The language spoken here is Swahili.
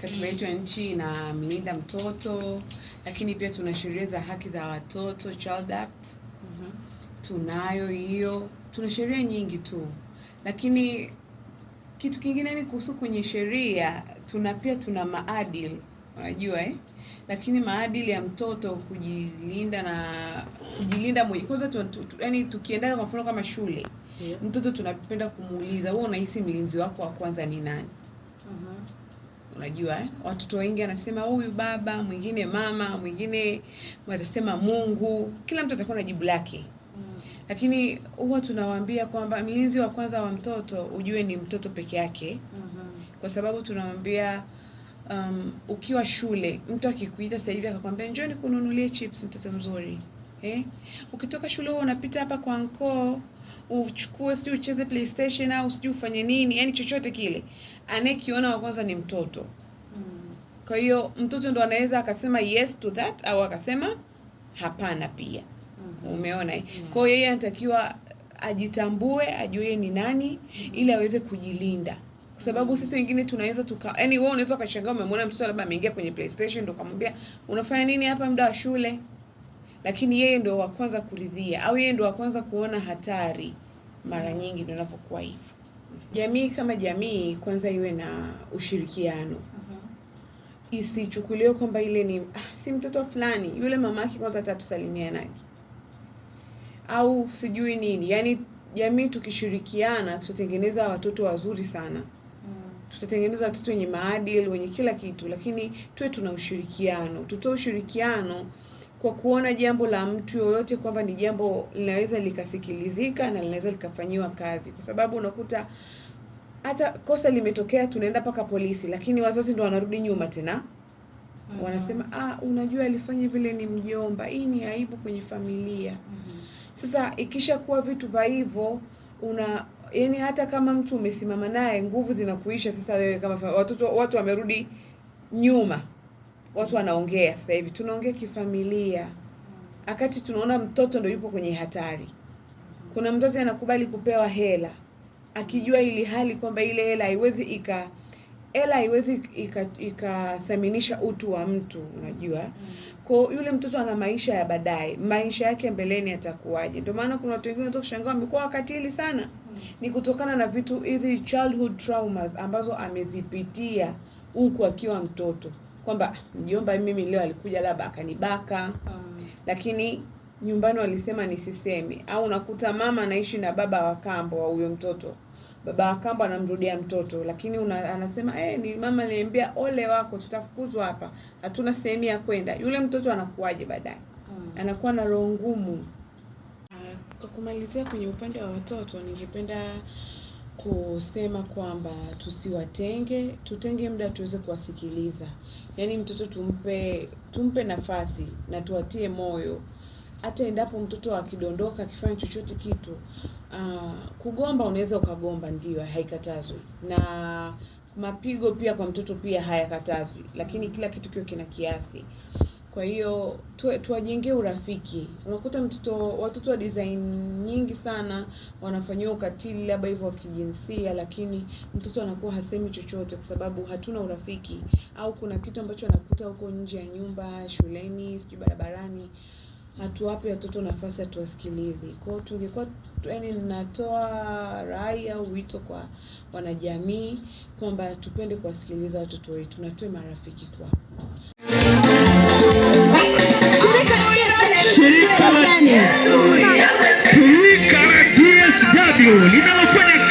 Katiba yetu ya nchi inamlinda mtoto, lakini pia tuna sheria za haki za watoto Child Act. Mm -hmm. Tunayo hiyo, tuna sheria nyingi tu, lakini kitu kingine ni kuhusu kwenye sheria, tuna pia tuna maadili unajua eh? Lakini maadili ya mtoto kujilinda na kujilinda mwenye kwanza, yani tukienda kwa mfano kama shule yeah. Mtoto tunapenda kumuuliza wewe unahisi mlinzi wako wa kwanza ni nani? Unajua eh? Watoto wengi anasema huyu baba, mwingine mama, mwingine watasema Mungu. Kila mtu atakuwa na jibu lake mm. Lakini huwa tunawaambia kwamba mlinzi wa kwanza wa mtoto ujue ni mtoto peke yake mm-hmm. Kwa sababu tunawambia um, ukiwa shule mtu akikuita sasa hivi akakwambia njoo nikununulie chips, mtoto mzuri eh? Ukitoka shule huo unapita hapa kwa nkoo uchukue sijui ucheze PlayStation au sijui ufanye nini, yani chochote kile, anayekiona wa kwanza ni mtoto hmm. Kwa hiyo mtoto ndo anaweza akasema yes to that au akasema hapana pia hmm. Umeona hii? Hmm. Kwa hiyo yeye anatakiwa ajitambue, ajue ni nani ili aweze kujilinda kwa sababu sisi wengine tunaweza tuka, yani wewe unaweza ukashangaa, umemwona mtoto labda ameingia kwenye PlayStation, ndo ukamwambia unafanya nini hapa muda wa shule? lakini yeye ndio wa kwanza kuridhia au yeye ndio wa kwanza kuona hatari. Mara nyingi ndio inavyokuwa hivyo. Jamii kama jamii kwanza iwe na ushirikiano mm-hmm. isichukuliwe kwamba ile ni ah, si mtoto fulani yule mama yake kwanza atatusalimia naye au sijui nini. Yani jamii tukishirikiana, tutatengeneza watoto wazuri sana mm. Tutatengeneza watoto wenye maadili, wenye kila kitu, lakini tuwe tuna ushirikiano, tutoe ushirikiano kwa kuona jambo la mtu yoyote kwamba ni jambo linaweza likasikilizika na linaweza likafanyiwa kazi, kwa sababu unakuta hata kosa limetokea, tunaenda mpaka polisi, lakini wazazi ndo wanarudi nyuma tena mm -hmm. Wanasema ah, unajua alifanya vile ni mjomba, hii ni aibu kwenye familia mm -hmm. Sasa ikishakuwa vitu vya hivyo una yani, hata kama mtu umesimama naye, nguvu zinakuisha. Sasa wewe kama watoto, watu wamerudi nyuma watu wanaongea sasa hivi, tunaongea kifamilia, wakati tunaona mtoto ndo yupo kwenye hatari. Kuna mzazi anakubali kupewa hela akijua ili hali kwamba ile hela haiwezi ika hela haiwezi ikathaminisha ika utu wa mtu, unajua Kwa yule mtoto ana maisha ya baadaye, maisha yake mbeleni atakuwaje? Ndio maana kuna watu wengine kushangaa wamekuwa wakatili sana Ni kutokana na vitu hizi childhood traumas ambazo amezipitia huku akiwa mtoto kwamba mjomba mimi leo alikuja labda akanibaka mm. lakini nyumbani walisema nisiseme, au unakuta mama anaishi na baba wa kambo wa huyo mtoto, baba wa kambo anamrudia mtoto, lakini una, anasema eh, ni mama aliniambia ole wako, tutafukuzwa hapa, hatuna sehemu ya kwenda. Yule mtoto anakuwaje baadaye? mm. anakuwa na roho ngumu. Ah, kwa kumalizia, kwenye upande wa watoto ningependa kusema kwamba tusiwatenge, tutenge muda tuweze kuwasikiliza. Yaani mtoto tumpe tumpe nafasi na tuwatie moyo, hata endapo mtoto akidondoka akifanya chochote kitu. Uh, kugomba unaweza ukagomba, ndio, haikatazwi na mapigo pia kwa mtoto pia hayakatazwi, lakini kila kitu kio kina kiasi. Kwa hiyo tuwajengee urafiki. Unakuta mtoto watoto wa design nyingi sana wanafanyiwa ukatili, labda hivyo wa kijinsia, lakini mtoto anakuwa hasemi chochote, kwa sababu hatuna urafiki, au kuna kitu ambacho anakuta huko nje ya nyumba, shuleni, sijui barabarani, hatuwape watoto nafasi, ya hatuwasikilizi. Kwa hiyo tungekuwa, yaani ninatoa rai au wito kwa wanajamii kwamba tupende kuwasikiliza watoto wetu na tuwe marafiki kwao. shirika la KKKTSW linalofanya